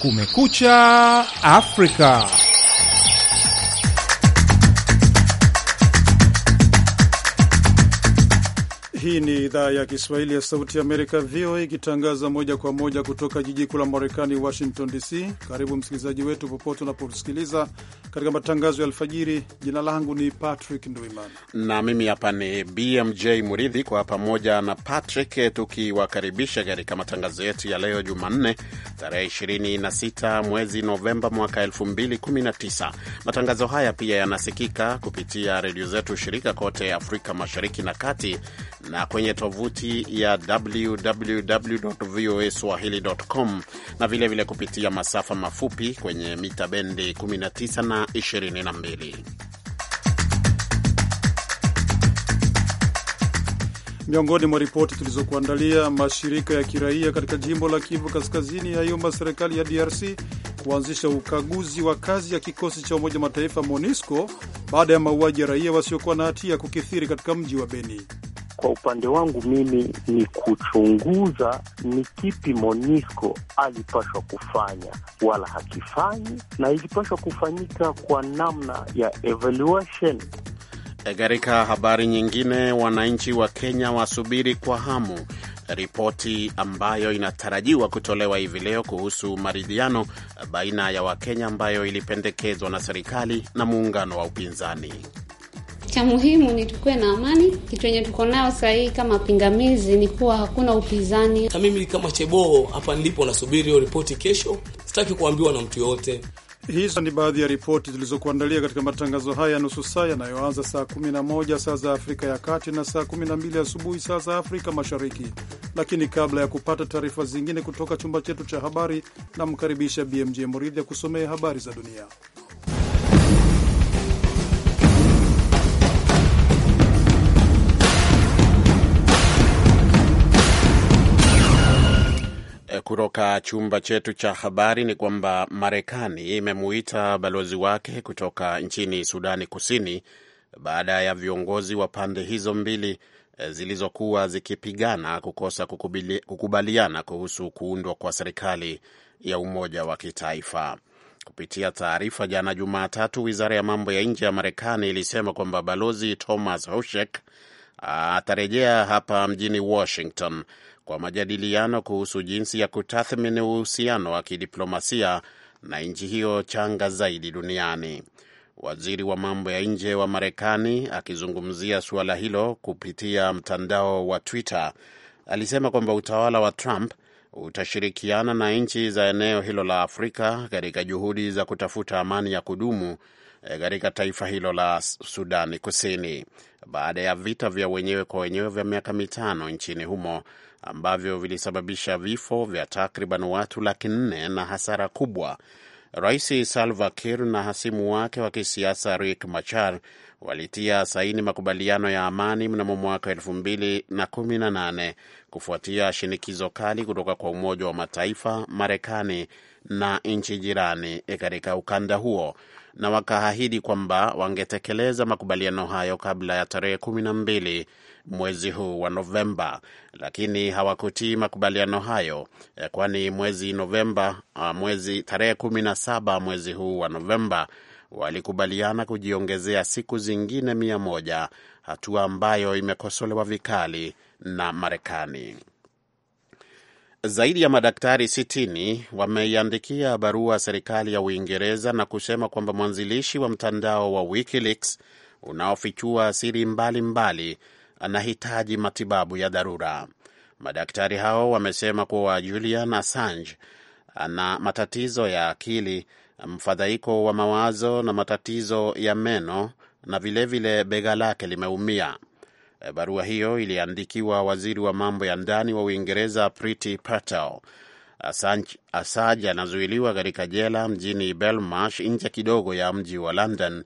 Kumekucha Afrika. Hii ni idhaa ya Kiswahili ya Sauti ya Amerika, VOA, ikitangaza moja kwa moja kutoka jiji kuu la Marekani, Washington DC. Karibu msikilizaji wetu popote unaposikiliza katika matangazo ya alfajiri. Jina langu ni Patrick Ndwimana na mimi hapa ni BMJ Muridhi, kwa pamoja na Patrick tukiwakaribisha katika matangazo yetu ya leo Jumanne, tarehe 26 mwezi Novemba mwaka 2019. Matangazo haya pia yanasikika kupitia redio zetu shirika kote Afrika Mashariki na Kati na kwenye tovuti ya www voa swahili.com na vilevile vile kupitia masafa mafupi kwenye mita bendi 19 na 22. Miongoni mwa ripoti tulizokuandalia, mashirika ya kiraia katika jimbo la Kivu Kaskazini yaiomba serikali ya DRC kuanzisha ukaguzi wa kazi ya kikosi cha Umoja Mataifa MONUSCO baada ya mauaji ya raia wasiokuwa na hatia kukithiri katika mji wa Beni. Kwa upande wangu mimi ni kuchunguza ni kipi Monisco alipashwa kufanya wala hakifanyi, na ilipashwa kufanyika kwa namna ya evaluation. E, katika habari nyingine, wananchi wa Kenya wasubiri kwa hamu ripoti ambayo inatarajiwa kutolewa hivi leo kuhusu maridhiano baina ya Wakenya ambayo ilipendekezwa na serikali na muungano wa upinzani. Cha muhimu ni tukuwe na amani. Kitu yenye tuko nayo sahii kama pingamizi ni kuwa hakuna upinzani. Na mimi kama Cheboho hapa nilipo, nasubiri hiyo ripoti kesho, sitaki kuambiwa na mtu yoyote. Hizo ni baadhi ya ripoti zilizokuandalia katika matangazo haya nusu saa yanayoanza saa 11 saa za Afrika ya Kati na saa 12 asubuhi saa za Afrika Mashariki. Lakini kabla ya kupata taarifa zingine kutoka chumba chetu cha habari, namkaribisha BMJ Muridhi kusomea habari za dunia. kutoka chumba chetu cha habari ni kwamba Marekani imemuita balozi wake kutoka nchini Sudani Kusini baada ya viongozi wa pande hizo mbili eh, zilizokuwa zikipigana kukosa kukubaliana kuhusu kuundwa kwa serikali ya umoja wa kitaifa. Kupitia taarifa jana Jumatatu, wizara ya mambo ya nje ya Marekani ilisema kwamba balozi Thomas Hoshek ah, atarejea hapa mjini Washington kwa majadiliano kuhusu jinsi ya kutathmini uhusiano wa kidiplomasia na nchi hiyo changa zaidi duniani. Waziri wa mambo ya nje wa Marekani akizungumzia suala hilo kupitia mtandao wa Twitter alisema kwamba utawala wa Trump utashirikiana na nchi za eneo hilo la Afrika katika juhudi za kutafuta amani ya kudumu eh, katika taifa hilo la Sudani Kusini baada ya vita vya wenyewe kwa wenyewe vya miaka mitano nchini humo ambavyo vilisababisha vifo vya takriban watu laki nne na hasara kubwa. Rais Salva Kiir na hasimu wake wa kisiasa Riek Machar walitia saini makubaliano ya amani mnamo mwaka elfu mbili na kumi na nane kufuatia shinikizo kali kutoka kwa Umoja wa Mataifa, Marekani na nchi jirani katika ukanda huo, na wakaahidi kwamba wangetekeleza makubaliano hayo kabla ya tarehe kumi na mbili mwezi huu wa Novemba, lakini hawakutii makubaliano hayo, eh, kwani mwezi Novemba, ah, mwezi tarehe kumi na saba mwezi huu wa Novemba walikubaliana kujiongezea siku zingine mia moja, hatua ambayo imekosolewa vikali na Marekani. Zaidi ya madaktari sitini wameiandikia barua serikali ya Uingereza na kusema kwamba mwanzilishi wa mtandao wa WikiLeaks unaofichua siri mbalimbali mbali, anahitaji matibabu ya dharura. Madaktari hao wamesema kuwa Julian Assange ana matatizo ya akili, mfadhaiko wa mawazo na matatizo ya meno na vilevile vile bega lake limeumia. E, barua hiyo iliandikiwa waziri wa mambo ya ndani wa Uingereza Priti Patel. Assange anazuiliwa katika jela mjini Belmarsh nje kidogo ya mji wa London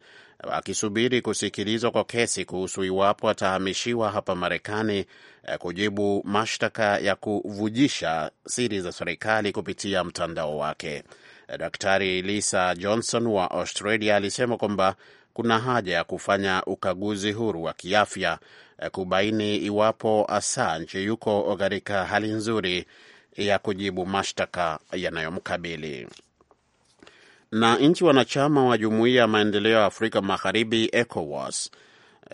wakisubiri kusikilizwa kwa kesi kuhusu iwapo atahamishiwa hapa Marekani eh, kujibu mashtaka ya kuvujisha siri za serikali kupitia mtandao wake. Eh, Daktari Lisa Johnson wa Australia alisema kwamba kuna haja ya kufanya ukaguzi huru wa kiafya eh, kubaini iwapo Assange yuko katika hali nzuri ya kujibu mashtaka yanayomkabili na nchi wanachama wa Jumuiya ya Maendeleo ya Afrika Magharibi, ECOWAS,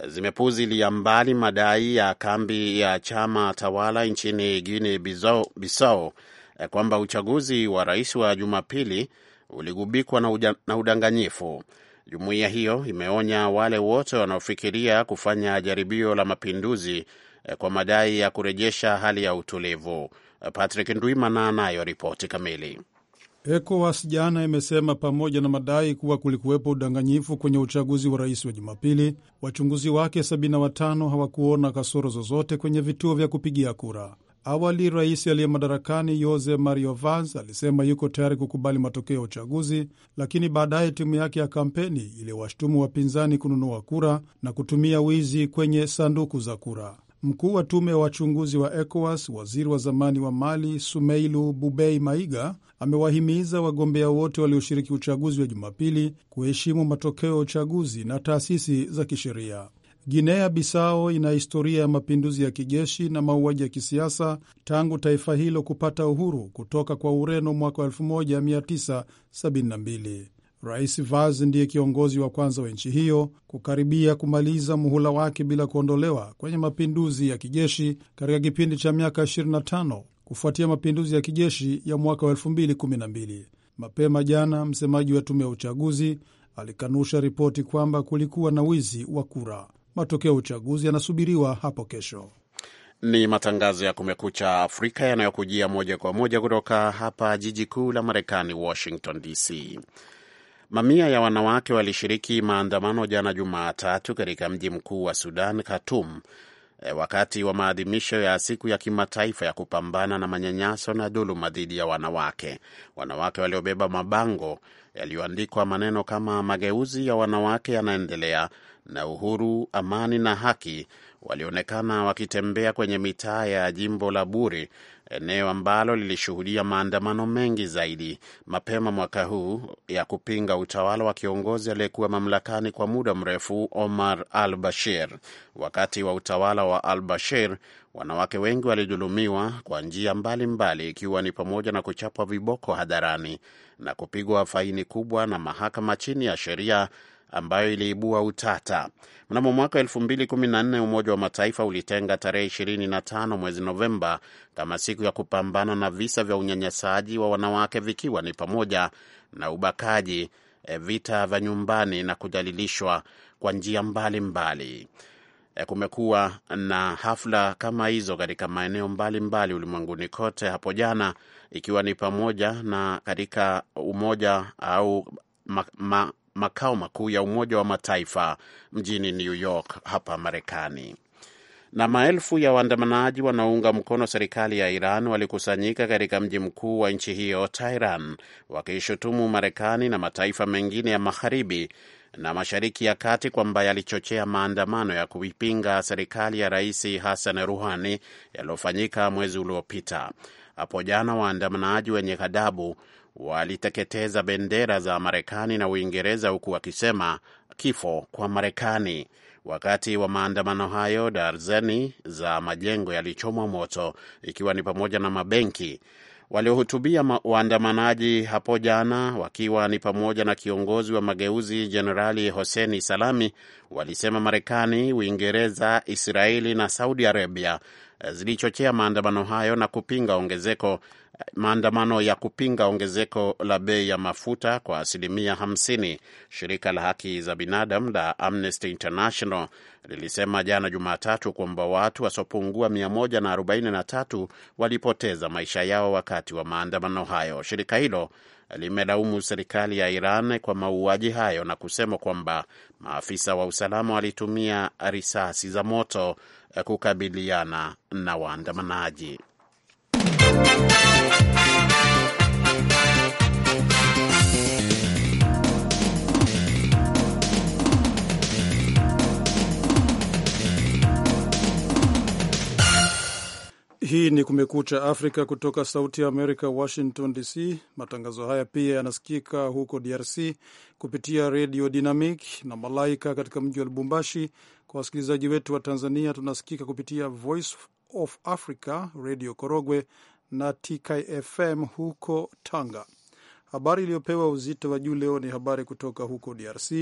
zimepuzilia mbali madai ya kambi ya chama tawala nchini Guinea Bissau eh, kwamba uchaguzi wa rais wa Jumapili uligubikwa na, uja, na udanganyifu. Jumuiya hiyo imeonya wale wote wanaofikiria kufanya jaribio la mapinduzi eh, kwa madai ya kurejesha hali ya utulivu. Eh, Patrick Ndwimana anayo ripoti kamili. ECOWAS jana imesema pamoja na madai kuwa kulikuwepo udanganyifu kwenye uchaguzi wa rais wa Jumapili, wachunguzi wake 75 hawakuona kasoro zozote kwenye vituo vya kupigia kura. Awali rais aliye madarakani Jose Mario Vaz alisema yuko tayari kukubali matokeo ya uchaguzi, lakini baadaye timu yake ya kampeni iliyowashtumu wapinzani kununua kura na kutumia wizi kwenye sanduku za kura. Mkuu wa tume ya wachunguzi wa ECOWAS, waziri wa zamani wa Mali Sumeilu Bubei Maiga amewahimiza wagombea wote walioshiriki uchaguzi wa Jumapili kuheshimu matokeo ya uchaguzi na taasisi za kisheria. Guinea Bissau ina historia ya mapinduzi ya kijeshi na mauaji ya kisiasa tangu taifa hilo kupata uhuru kutoka kwa Ureno mwaka 1972. Rais Vaz ndiye kiongozi wa kwanza wa nchi hiyo kukaribia kumaliza muhula wake bila kuondolewa kwenye mapinduzi ya kijeshi katika kipindi cha miaka 25 kufuatia mapinduzi ya kijeshi ya mwaka wa 2012. Mapema jana, msemaji wa tume ya uchaguzi alikanusha ripoti kwamba kulikuwa na wizi wa kura. Matokeo ya uchaguzi yanasubiriwa hapo kesho. Ni matangazo ya Kumekucha Afrika yanayokujia moja kwa moja kutoka hapa jiji kuu la Marekani, Washington DC. Mamia ya wanawake walishiriki maandamano jana Jumatatu katika mji mkuu wa Sudan, Khartoum, E, wakati wa maadhimisho ya siku ya kimataifa ya kupambana na manyanyaso na dhuluma dhidi ya wanawake. Wanawake waliobeba mabango yaliyoandikwa maneno kama mageuzi ya wanawake yanaendelea na uhuru, amani na haki walionekana wakitembea kwenye mitaa ya jimbo la Buri eneo ambalo lilishuhudia maandamano mengi zaidi mapema mwaka huu ya kupinga utawala wa kiongozi aliyekuwa mamlakani kwa muda mrefu Omar al Bashir. Wakati wa utawala wa al Bashir, wanawake wengi walidhulumiwa kwa njia mbalimbali, ikiwa ni pamoja na kuchapwa viboko hadharani na kupigwa faini kubwa na mahakama chini ya sheria ambayo iliibua utata. Mnamo mwaka 2014 Umoja wa Mataifa ulitenga tarehe 25 mwezi Novemba kama siku ya kupambana na visa vya unyanyasaji wa wanawake, vikiwa ni pamoja na ubakaji, eh, vita vya nyumbani na kudhalilishwa kwa njia mbalimbali. Eh, kumekuwa na hafla kama hizo katika maeneo mbalimbali ulimwenguni kote hapo jana, ikiwa ni pamoja na katika umoja au ma, ma, makao makuu ya Umoja wa Mataifa mjini New York hapa Marekani. Na maelfu ya waandamanaji wanaounga mkono serikali ya Iran walikusanyika katika mji mkuu wa nchi hiyo Tehran, wakishutumu Marekani na mataifa mengine ya magharibi na Mashariki ya Kati kwamba yalichochea maandamano ya kuipinga serikali ya Rais Hassan ruhani yaliyofanyika mwezi uliopita. Hapo jana waandamanaji wenye ghadhabu waliteketeza bendera za Marekani na Uingereza huku wakisema kifo kwa Marekani. Wakati wa maandamano hayo, darzeni za majengo yalichomwa moto ikiwa ni pamoja na mabenki waliohutubia waandamanaji hapo jana wakiwa ni pamoja na kiongozi wa mageuzi Jenerali Hoseni Salami walisema Marekani, Uingereza, Israeli na Saudi Arabia eh, zilichochea maandamano hayo na kupinga ongezeko maandamano ya kupinga ongezeko la bei ya mafuta kwa asilimia 50. Shirika la haki za binadamu la Amnesty International lilisema jana Jumatatu kwamba watu wasiopungua 143 walipoteza maisha yao wakati wa maandamano hayo. Shirika hilo limelaumu serikali ya Iran kwa mauaji hayo na kusema kwamba maafisa wa usalama walitumia risasi za moto kukabiliana na waandamanaji. Hii ni Kumekucha Afrika kutoka Sauti ya Amerika, Washington DC. Matangazo haya pia yanasikika huko DRC kupitia Redio Dynamic na Malaika katika mji wa Lubumbashi. Kwa wasikilizaji wetu wa Tanzania, tunasikika kupitia Voice of Africa, Redio Korogwe na TKFM huko Tanga. Habari iliyopewa uzito wa juu leo ni habari kutoka huko DRC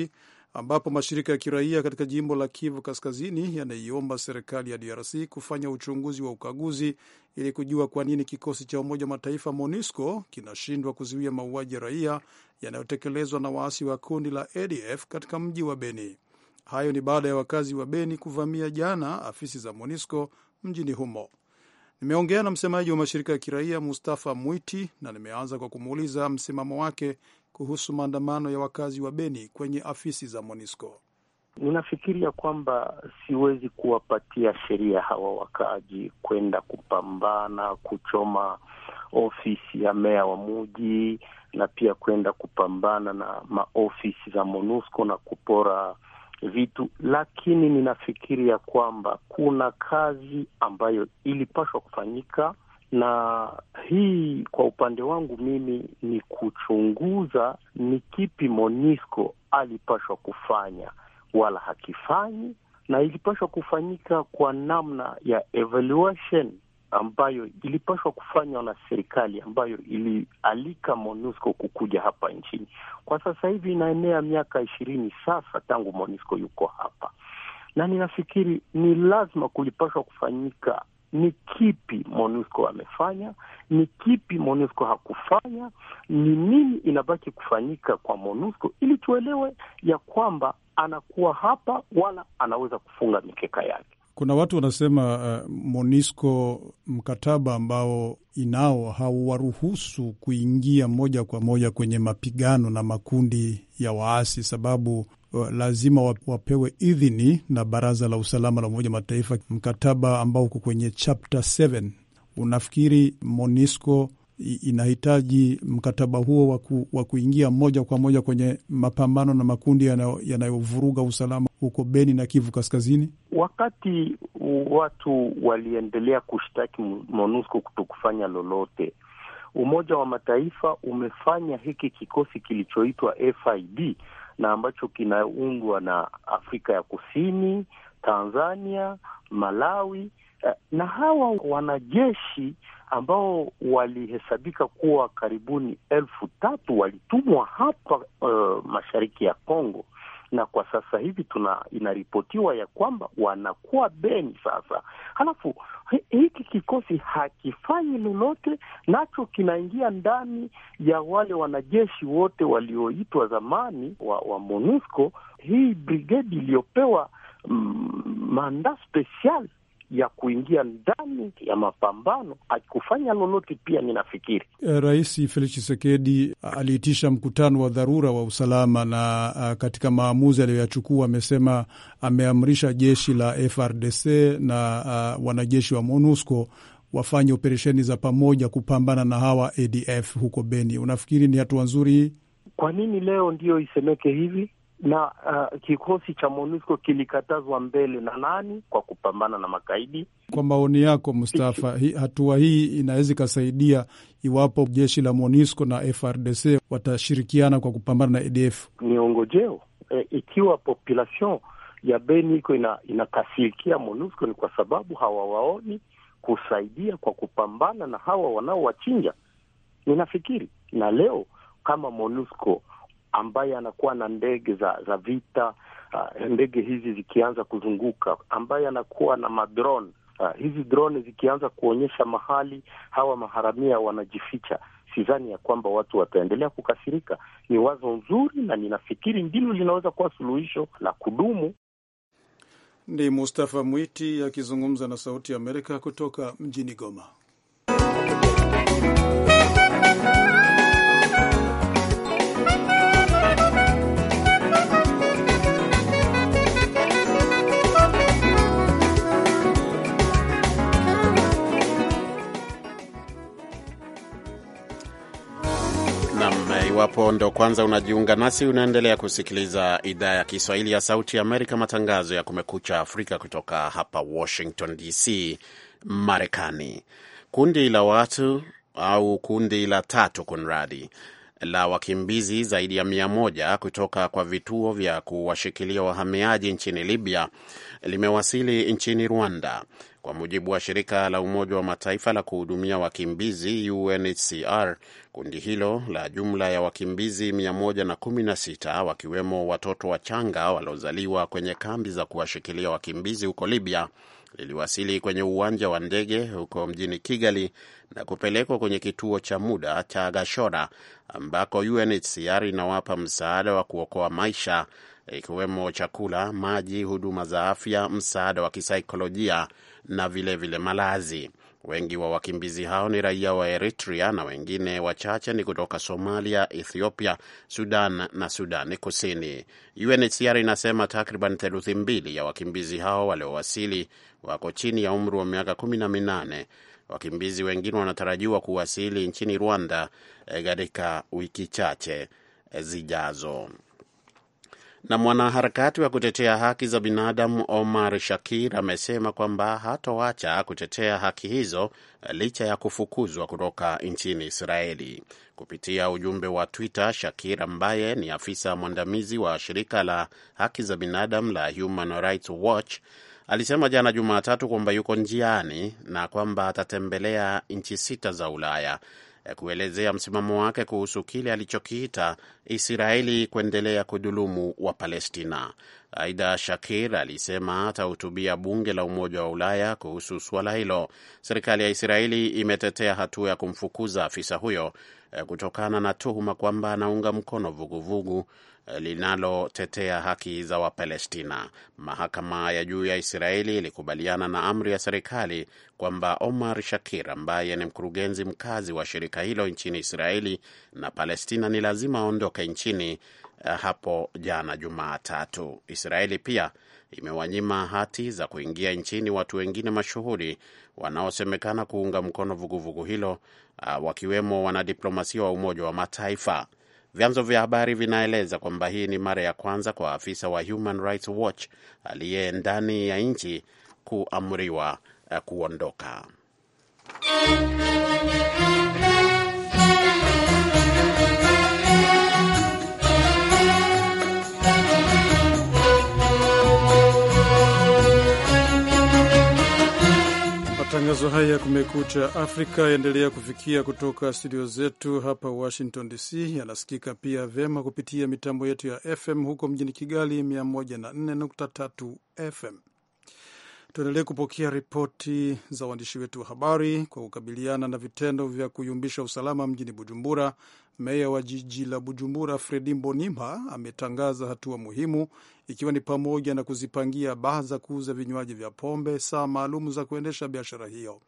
ambapo mashirika ya kiraia katika jimbo la Kivu Kaskazini yanaiomba serikali ya DRC kufanya uchunguzi wa ukaguzi ili kujua kwa nini kikosi cha Umoja wa Mataifa MONUSCO kinashindwa kuzuia mauaji ya raia yanayotekelezwa na waasi wa kundi la ADF katika mji wa Beni. Hayo ni baada ya wakazi wa Beni kuvamia jana afisi za MONUSCO mjini humo. Nimeongea na msemaji wa mashirika ya kiraia Mustafa Mwiti na nimeanza kwa kumuuliza msimamo wake kuhusu maandamano ya wakazi wa Beni kwenye afisi za MONUSCO. Ninafikiria kwamba siwezi kuwapatia sheria hawa wakaaji kwenda kupambana kuchoma ofisi ya meya wa muji na pia kwenda kupambana na maofisi za MONUSCO na kupora vitu, lakini ninafikiri ya kwamba kuna kazi ambayo ilipashwa kufanyika, na hii kwa upande wangu mimi ni kuchunguza ni kipi Monisco alipashwa kufanya wala hakifanyi, na ilipashwa kufanyika kwa namna ya evaluation ambayo ilipashwa kufanywa na serikali ambayo ilialika MONUSCO kukuja hapa nchini. Kwa sasa hivi inaenea miaka ishirini sasa tangu MONUSCO yuko hapa, na ninafikiri ni lazima kulipashwa kufanyika ni kipi MONUSCO amefanya, ni kipi MONUSCO hakufanya, ni nini inabaki kufanyika kwa MONUSCO ili tuelewe ya kwamba anakuwa hapa wala anaweza kufunga mikeka yake. Kuna watu wanasema uh, Monisco mkataba ambao inao hauwaruhusu kuingia moja kwa moja kwenye mapigano na makundi ya waasi, sababu uh, lazima wapewe idhini na Baraza la Usalama la Umoja Mataifa, mkataba ambao uko kwenye chapter 7. Unafikiri Monisco inahitaji mkataba huo wa kuingia moja kwa moja kwenye mapambano na makundi yanayovuruga usalama huko Beni na Kivu Kaskazini, wakati watu waliendelea kushtaki MONUSCO kutokufanya lolote. Umoja wa Mataifa umefanya hiki kikosi kilichoitwa FID na ambacho kinaundwa na Afrika ya Kusini, Tanzania, Malawi eh, na hawa wanajeshi ambao walihesabika kuwa karibuni elfu tatu walitumwa hapa uh, mashariki ya Kongo na kwa sasa hivi tuna inaripotiwa ya kwamba wanakuwa Beni sasa. Halafu hiki kikosi hakifanyi lolote, nacho kinaingia ndani ya wale wanajeshi wote walioitwa zamani wa, wa MONUSCO. Hii brigedi iliyopewa mm, manda special ya kuingia ndani ya mapambano akufanya lolote. Pia ninafikiri eh, Rais Felix chisekedi aliitisha mkutano wa dharura wa usalama, na ah, katika maamuzi aliyoyachukua amesema ameamrisha jeshi la FRDC na uh, wanajeshi wa MONUSCO wafanye operesheni za pamoja kupambana na hawa ADF huko Beni. Unafikiri ni hatua nzuri hii? Kwa nini leo ndiyo isemeke hivi? na uh, kikosi cha MONUSCO kilikatazwa mbele na nani kwa kupambana na makaidi. Kwa maoni yako Mustafa, hi, hatua hii inaweza ikasaidia iwapo jeshi la MONUSCO na FRDC watashirikiana kwa kupambana na ADF? Niongojeo e, eh, ikiwa population ya Beni iko ina, inakasirikia MONUSCO ni kwa sababu hawawaoni kusaidia kwa kupambana na hawa wanaowachinja. Ninafikiri na leo kama MONUSCO ambaye anakuwa na ndege za, za vita uh, ndege hizi zikianza kuzunguka, ambaye anakuwa na madron uh, hizi drone zikianza kuonyesha mahali hawa maharamia wanajificha, sidhani ya kwamba watu wataendelea kukasirika. Ni wazo nzuri na ninafikiri ndilo linaweza kuwa suluhisho la kudumu. Ni Mustafa Mwiti akizungumza na Sauti ya Amerika kutoka mjini Goma. Iwapo ndo kwanza unajiunga nasi, unaendelea kusikiliza idhaa ya Kiswahili ya Sauti ya Amerika, matangazo ya Kumekucha Afrika kutoka hapa Washington DC, Marekani. Kundi la watu au kundi la tatu kunradi la wakimbizi zaidi ya mia moja kutoka kwa vituo vya kuwashikilia wahamiaji nchini Libya limewasili nchini Rwanda kwa mujibu wa shirika la Umoja wa Mataifa la kuhudumia wakimbizi UNHCR. Kundi hilo la jumla ya wakimbizi 116 wakiwemo watoto wachanga waliozaliwa kwenye kambi za kuwashikilia wakimbizi huko Libya liliwasili kwenye uwanja wa ndege huko mjini Kigali na kupelekwa kwenye kituo cha muda cha Gashora ambako UNHCR inawapa msaada wa kuokoa maisha ikiwemo chakula, maji, huduma za afya, msaada wa kisaikolojia na vilevile vile malazi. Wengi wa wakimbizi hao ni raia wa Eritrea na wengine wachache ni kutoka Somalia, Ethiopia, Sudan na Sudani Kusini. UNHCR inasema takriban theluthi mbili ya wakimbizi hao waliowasili wako chini ya umri wa miaka kumi na minane. Wakimbizi wengine wanatarajiwa kuwasili nchini Rwanda eh, katika wiki chache zijazo. Na mwanaharakati wa kutetea haki za binadamu Omar Shakir amesema kwamba hatoacha kutetea haki hizo licha ya kufukuzwa kutoka nchini Israeli. Kupitia ujumbe wa Twitter, Shakir ambaye ni afisa mwandamizi wa shirika la haki za binadamu la Human Rights Watch alisema jana Jumatatu kwamba yuko njiani na kwamba atatembelea nchi sita za Ulaya Eh, kuelezea msimamo wake kuhusu kile alichokiita Israeli kuendelea kudhulumu wa Palestina. Aidha, Shakir alisema atahutubia bunge la Umoja wa Ulaya kuhusu suala hilo. Serikali ya Israeli imetetea hatua ya kumfukuza afisa huyo eh, kutokana na tuhuma kwamba anaunga mkono vuguvugu vugu linalotetea haki za Wapalestina. Mahakama ya juu ya Israeli ilikubaliana na amri ya serikali kwamba Omar Shakir ambaye ni mkurugenzi mkazi wa shirika hilo nchini Israeli na Palestina ni lazima aondoke nchini eh, hapo jana Jumatatu. Israeli pia imewanyima hati za kuingia nchini watu wengine mashuhuri wanaosemekana kuunga mkono vuguvugu vugu hilo, ah, wakiwemo wanadiplomasia wa Umoja wa Mataifa. Vyanzo vya habari vinaeleza kwamba hii ni mara ya kwanza kwa afisa wa Human Rights Watch aliye ndani ya nchi kuamriwa eh, kuondoka. Matangazo haya ya Kumekucha Afrika yaendelea kufikia kutoka studio zetu hapa Washington DC. Yanasikika pia vyema kupitia mitambo yetu ya FM huko mjini Kigali, 104.3 FM. Tuendelee kupokea ripoti za waandishi wetu wa habari kwa kukabiliana na vitendo vya kuyumbisha usalama mjini Bujumbura Meya wa jiji la Bujumbura Fredi Mbonimpa ametangaza hatua muhimu, ikiwa ni pamoja na kuzipangia baa za kuuza vinywaji vya pombe saa maalum za kuendesha biashara hiyo.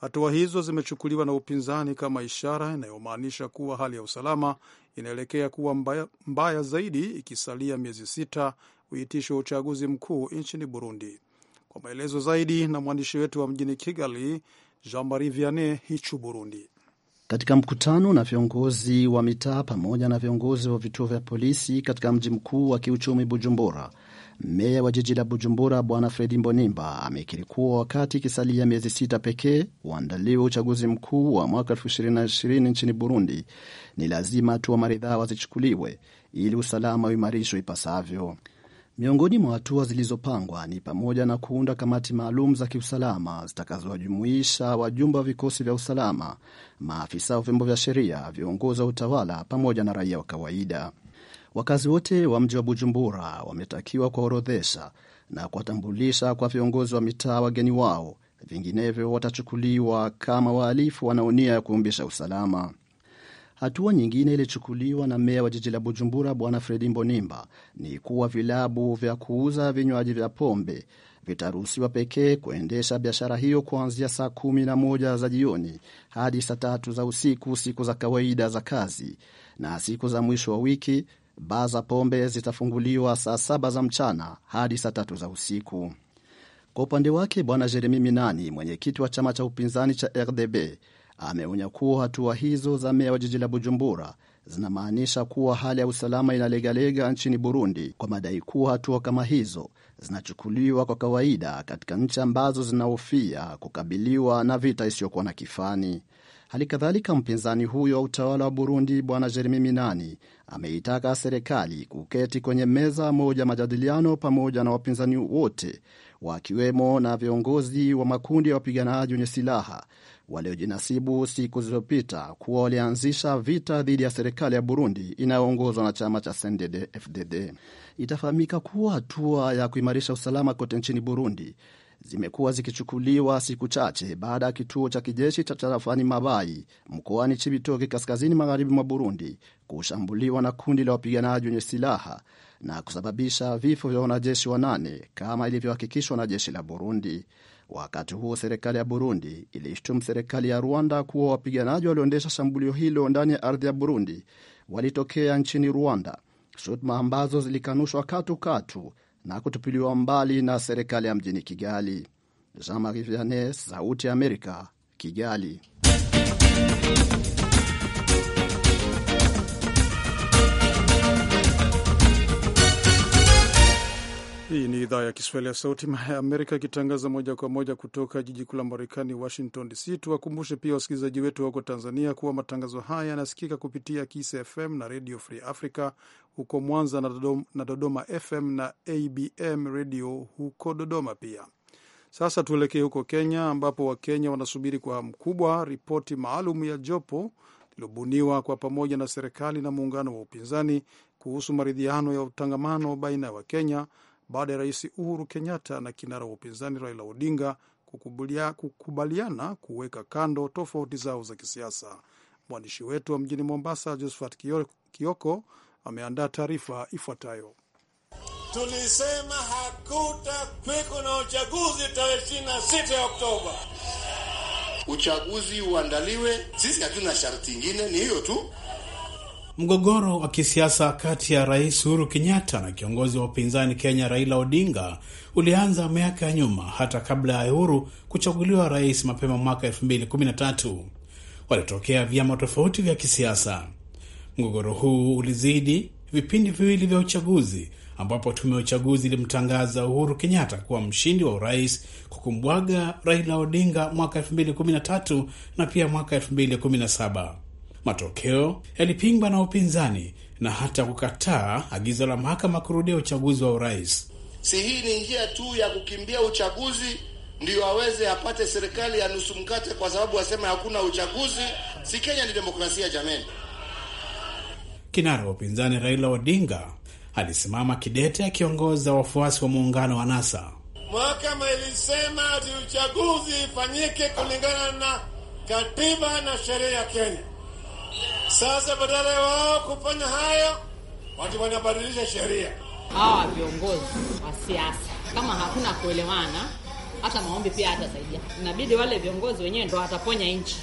Hatua hizo zimechukuliwa na upinzani kama ishara inayomaanisha kuwa hali ya usalama inaelekea kuwa mbaya, mbaya zaidi ikisalia miezi sita uitisho wa uchaguzi mkuu nchini Burundi. Kwa maelezo zaidi na mwandishi wetu wa mjini Kigali, Jean Marie Vianney Hichu, Burundi katika mkutano na viongozi wa mitaa pamoja na viongozi wa vituo vya polisi katika mji mkuu wa kiuchumi Bujumbura. Meya wa jiji la Bujumbura Bwana Fredi Mbonimba amekiri kuwa wakati ikisalia miezi sita pekee uandaliwe uchaguzi mkuu wa mwaka 2020 nchini Burundi, ni lazima hatua maridhawa zichukuliwe ili usalama uimarishwe ipasavyo. Miongoni mwa hatua zilizopangwa ni pamoja na kuunda kamati maalum za kiusalama zitakazowajumuisha wajumbe wa vikosi vya usalama, maafisa wa vyombo vya sheria, viongozi wa utawala pamoja na raia wa kawaida. Wakazi wote wa mji wa Bujumbura wametakiwa kuwaorodhesha na kuwatambulisha kwa viongozi wa mitaa wageni wao, vinginevyo watachukuliwa kama wahalifu wanaonia ya kuumbisha usalama. Hatua nyingine ilichukuliwa na meya wa jiji la Bujumbura Bwana Fredi Mbonimba ni kuwa vilabu vya kuuza vinywaji vya pombe vitaruhusiwa pekee kuendesha biashara hiyo kuanzia saa kumi na moja za jioni hadi saa tatu za usiku siku za kawaida za kazi, na siku za mwisho wa wiki baa za pombe zitafunguliwa saa saba za mchana hadi saa tatu za usiku. Kwa upande wake Bwana Jeremi Minani, mwenyekiti wa chama cha upinzani cha RDB, ameonya kuwa hatua hizo za meya wa jiji la Bujumbura zinamaanisha kuwa hali ya usalama inalegalega nchini Burundi, kwa madai kuwa hatua kama hizo zinachukuliwa kwa kawaida katika nchi ambazo zinahofia kukabiliwa na vita isiyokuwa na kifani. Hali kadhalika mpinzani huyo wa utawala wa Burundi Bwana Jeremi Minani ameitaka serikali kuketi kwenye meza moja majadiliano pamoja na wapinzani wote wakiwemo na viongozi wa makundi ya wapiganaji wenye silaha waliojinasibu siku zilizopita kuwa walianzisha vita dhidi ya serikali ya Burundi inayoongozwa na chama cha CNDD FDD. Itafahamika kuwa hatua ya kuimarisha usalama kote nchini Burundi zimekuwa zikichukuliwa siku chache baada ya kituo cha kijeshi cha tarafani Mabayi mkoani Chibitoke, kaskazini magharibi mwa Burundi, kushambuliwa na kundi la wapiganaji wenye silaha na kusababisha vifo vya wanajeshi wanane kama ilivyohakikishwa na jeshi la Burundi. Wakati huo serikali ya Burundi ilishtumu serikali ya Rwanda kuwa wapiganaji walioendesha shambulio hilo ndani ya ardhi ya Burundi walitokea nchini Rwanda, shutuma ambazo zilikanushwa katukatu na kutupiliwa mbali na serikali ya mjini Kigali. Jean Marie Vianney, Sauti ya Amerika, Kigali. Hii ni idhaa ya Kiswahili ya Sauti ya Amerika ikitangaza moja kwa moja kutoka jiji kuu la Marekani, Washington DC. Tuwakumbushe pia wasikilizaji wetu huko Tanzania kuwa matangazo haya yanasikika kupitia Kiss FM na Radio Free Africa huko Mwanza na Dodoma FM na ABM Radio huko Dodoma pia. Sasa tuelekee huko Kenya, ambapo Wakenya wanasubiri kwa hamu kubwa ripoti maalum ya jopo lililobuniwa kwa pamoja na serikali na muungano wa upinzani kuhusu maridhiano ya utangamano baina ya Wakenya baada ya Rais Uhuru Kenyatta na kinara wa upinzani Raila Odinga kukubaliana kuweka kando tofauti zao za kisiasa. Mwandishi wetu wa mjini Mombasa, Josephat Kioko, ameandaa taarifa ifuatayo. Tulisema hakutakuweko na uchaguzi tarehe sita ya Oktoba. Uchaguzi uandaliwe, sisi hatuna sharti ingine, ni hiyo tu. Mgogoro wa kisiasa kati ya Rais Uhuru Kenyatta na kiongozi wa upinzani Kenya Raila Odinga ulianza miaka ya nyuma, hata kabla ya Uhuru kuchaguliwa rais mapema mwaka 2013. Walitokea vyama tofauti vya kisiasa. Mgogoro huu ulizidi vipindi viwili vya uchaguzi ambapo tume ya uchaguzi ilimtangaza Uhuru Kenyatta kuwa mshindi wa urais kwa kumbwaga Raila Odinga mwaka 2013 na pia mwaka 2017. Matokeo yalipingwa na upinzani na hata kukataa agizo la mahakama kurudia uchaguzi wa urais. Si hii ni njia tu ya kukimbia uchaguzi ndiyo aweze apate serikali ya nusu mkate, kwa sababu asema hakuna uchaguzi? Si Kenya ni demokrasia jameni? Kinara wa upinzani Raila Odinga alisimama kidete akiongoza wafuasi wa muungano wa NASA. Mahakama ilisema ati uchaguzi ifanyike kulingana na katiba na sheria ya Kenya. Sasa badala ya wao kufanya hayo, watu wanabadilisha sheria. Hawa viongozi wa siasa, kama hakuna kuelewana, hata maombi pia hatasaidia. Inabidi wale viongozi wenyewe ndo wataponya nchi.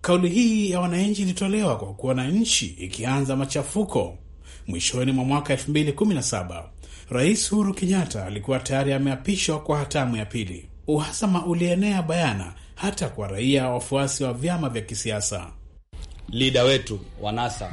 Kauli hii ya wananchi ilitolewa kwa kuwa na nchi ikianza machafuko mwishoni mwa mwaka 2017. Rais Uhuru Kenyatta alikuwa tayari ameapishwa kwa hatamu ya pili. Uhasama ulienea bayana hata kwa raia, wafuasi wa vyama vya kisiasa leader wetu wa NASA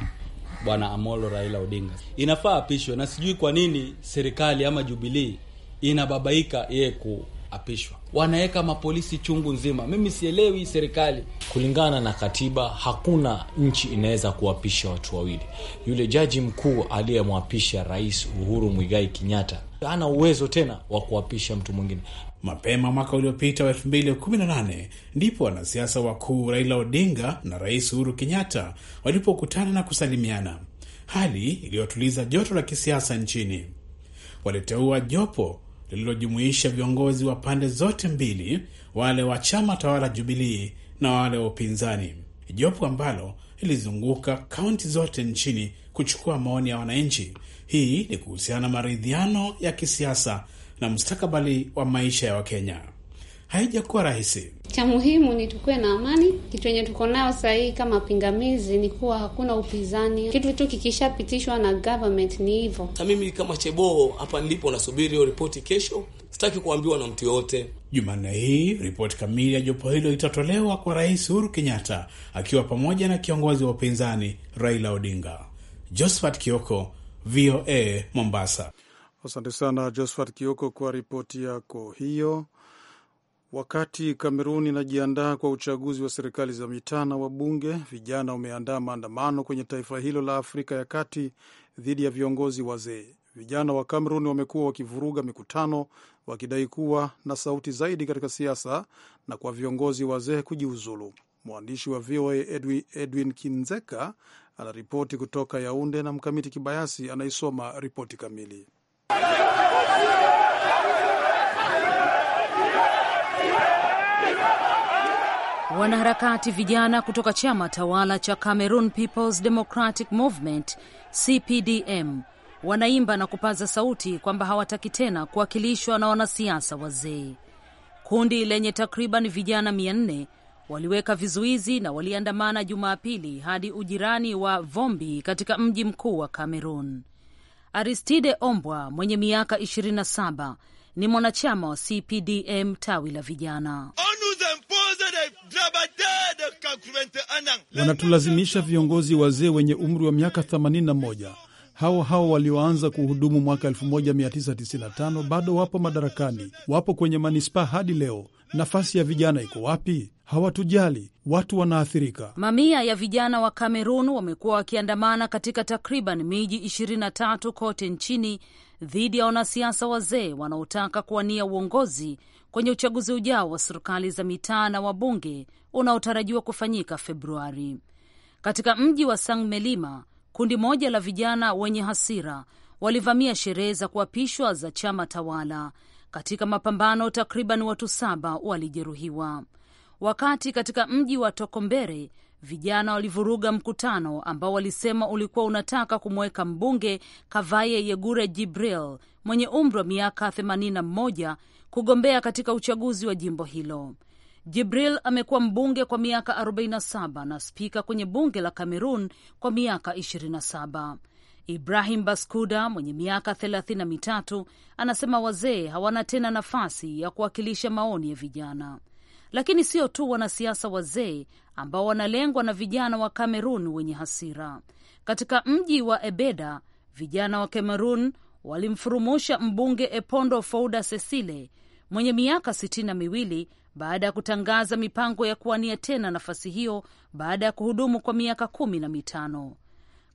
Bwana Amolo Raila Odinga inafaa apishwe, na sijui kwa nini serikali ama Jubilee inababaika yeye kuapishwa wanaweka mapolisi chungu nzima. Mimi sielewi serikali. Kulingana na katiba, hakuna nchi inaweza kuwapisha watu wawili. Yule jaji mkuu aliyemwapisha Rais Uhuru Mwigai Kenyatta hana uwezo tena wa kuwapisha mtu mwingine. Mapema mwaka uliopita wa 2018 ndipo wanasiasa wakuu Raila Odinga na Rais Uhuru Kenyatta walipokutana na kusalimiana, hali iliyotuliza joto la kisiasa nchini. Waliteua jopo lililojumuisha viongozi wa pande zote mbili, wale wa chama tawala Jubilii na wale wa upinzani, jopo ambalo lilizunguka kaunti zote nchini kuchukua maoni ya wananchi. Hii ni kuhusiana na maridhiano ya kisiasa na mustakabali wa maisha ya Wakenya haijakuwa rahisi. Cha muhimu ni tukuwe na amani. Kitu yenye tuko nayo sahii kama pingamizi ni kuwa hakuna upinzani, kitu tu kikishapitishwa na government ni hivyo. Na mimi kama cheboo hapa nilipo nasubiri hiyo ripoti kesho, sitaki kuambiwa na mtu yoyote. Jumanne hii ripoti kamili ya jopo hilo itatolewa kwa Rais Uhuru Kenyatta akiwa pamoja na kiongozi wa upinzani Raila Odinga. Josephat Kioko, VOA Mombasa. Asante sana Josephat Kioko kwa ripoti yako hiyo. Wakati Kamerun inajiandaa kwa uchaguzi wa serikali za mitaa na wabunge, vijana wameandaa maandamano kwenye taifa hilo la Afrika ya kati dhidi ya viongozi wazee. Vijana wa Kamerun wamekuwa wakivuruga mikutano wakidai kuwa na sauti zaidi katika siasa na kwa viongozi wazee kujiuzulu. Mwandishi wa VOA Edwin, Edwin Kinzeka anaripoti kutoka Yaunde na Mkamiti Kibayasi anaisoma ripoti kamili. Wanaharakati vijana kutoka chama tawala cha Cameroon People's Democratic Movement CPDM wanaimba na kupaza sauti kwamba hawataki tena kuwakilishwa na wanasiasa wazee. Kundi lenye takriban vijana 4 waliweka vizuizi na waliandamana Jumapili hadi ujirani wa Vombi katika mji mkuu wa Cameroon. Aristide Ombwa mwenye miaka 27 ni mwanachama wa CPDM tawi la vijana. Wanatulazimisha viongozi wazee wenye umri wa miaka 81 hao hao walioanza kuhudumu mwaka 1995 bado wapo madarakani, wapo kwenye manispaa hadi leo. Nafasi ya vijana iko wapi? Hawatujali, watu wanaathirika. Mamia ya vijana wa Kamerun wamekuwa wakiandamana katika takriban miji 23 kote nchini dhidi ya wanasiasa wazee wanaotaka kuwania uongozi kwenye uchaguzi ujao wa serikali za mitaa na wabunge unaotarajiwa kufanyika Februari. Katika mji wa Sang Melima, kundi moja la vijana wenye hasira walivamia sherehe za kuapishwa za chama tawala. Katika mapambano, takriban watu saba walijeruhiwa, wakati katika mji wa Tokombere vijana walivuruga mkutano ambao walisema ulikuwa unataka kumweka mbunge Kavaye Yegure Jibril mwenye umri wa miaka kugombea katika uchaguzi wa jimbo hilo. Jibril amekuwa mbunge kwa miaka 47 na spika kwenye bunge la Kamerun kwa miaka 27. Ibrahim Baskuda mwenye miaka thelathini na mitatu anasema wazee hawana tena nafasi ya kuwakilisha maoni ya vijana. Lakini sio tu wanasiasa wazee ambao wanalengwa na vijana wa Kamerun wenye hasira. Katika mji wa Ebeda, vijana wa Kamerun walimfurumusha mbunge Epondo Fouda Sesile mwenye miaka sitini na miwili baada ya kutangaza mipango ya kuwania tena nafasi hiyo baada ya kuhudumu kwa miaka kumi na mitano.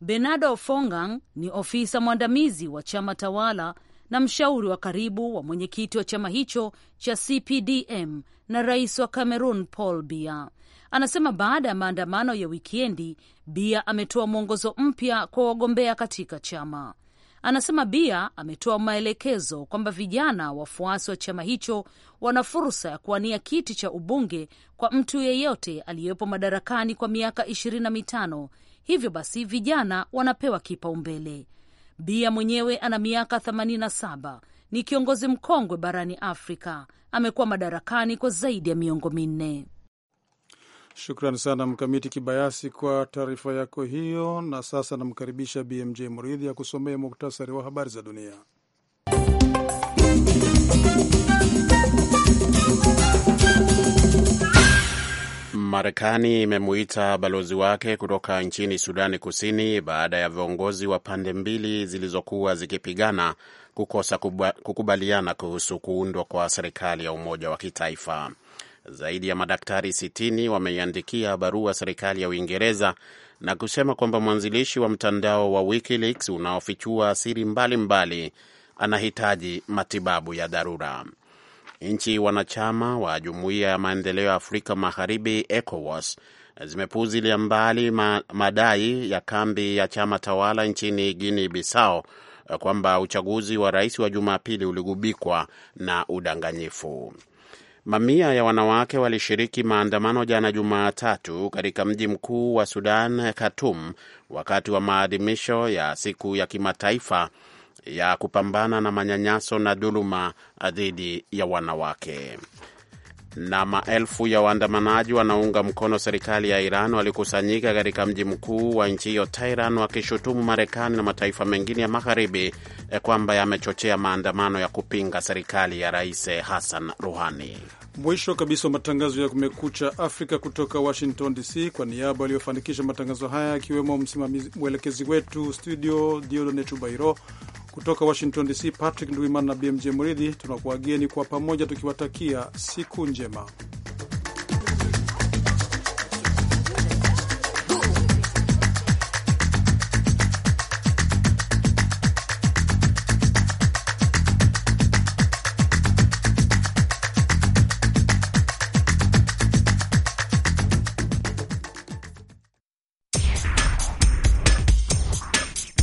Bernardo Fongang ni ofisa mwandamizi wa chama tawala na mshauri wa karibu wa mwenyekiti wa chama hicho cha CPDM na rais wa Cameroon Paul Biya anasema baada ya maandamano ya wikendi, Biya ametoa mwongozo mpya kwa wagombea katika chama. Anasema Bia ametoa maelekezo kwamba vijana wafuasi wa chama hicho wana fursa ya kuwania kiti cha ubunge kwa mtu yeyote aliyepo madarakani kwa miaka ishirini na mitano. Hivyo basi vijana wanapewa kipaumbele. Bia mwenyewe ana miaka 87, ni kiongozi mkongwe barani Afrika. Amekuwa madarakani kwa zaidi ya miongo minne. Shukran sana Mkamiti Kibayasi kwa taarifa yako hiyo. Na sasa namkaribisha BMJ Muridhi akusomea muktasari wa habari za dunia. Marekani imemuita balozi wake kutoka nchini Sudani Kusini baada ya viongozi wa pande mbili zilizokuwa zikipigana kukosa kukubaliana kuhusu kuundwa kwa serikali ya umoja wa kitaifa. Zaidi ya madaktari 60 wameiandikia barua serikali ya Uingereza na kusema kwamba mwanzilishi wa mtandao wa WikiLeaks unaofichua siri mbalimbali anahitaji matibabu ya dharura. Nchi wanachama wa Jumuiya ya Maendeleo ya Afrika Magharibi, ECOWAS, zimepuzilia mbali ma madai ya kambi ya chama tawala nchini Guinea Bissau kwamba uchaguzi wa rais wa Jumapili uligubikwa na udanganyifu. Mamia ya wanawake walishiriki maandamano jana Jumatatu katika mji mkuu wa Sudan, Khartoum, wakati wa maadhimisho ya siku ya kimataifa ya kupambana na manyanyaso na dhuluma dhidi ya wanawake. Na maelfu ya waandamanaji wanaunga mkono serikali ya Iran walikusanyika katika mji mkuu wa nchi hiyo Tehran, wakishutumu Marekani na mataifa mengine ya magharibi eh, kwamba yamechochea maandamano ya kupinga serikali ya Rais eh, Hassan Rouhani. Mwisho kabisa wa matangazo ya Kumekucha Afrika kutoka Washington DC. Kwa niaba waliofanikisha matangazo haya, akiwemo msimamizi mwelekezi wetu studio Diodonetu Bairo kutoka Washington DC, Patrick Nduimana na BMJ Muridhi tunakuageni kwa pamoja tukiwatakia siku njema.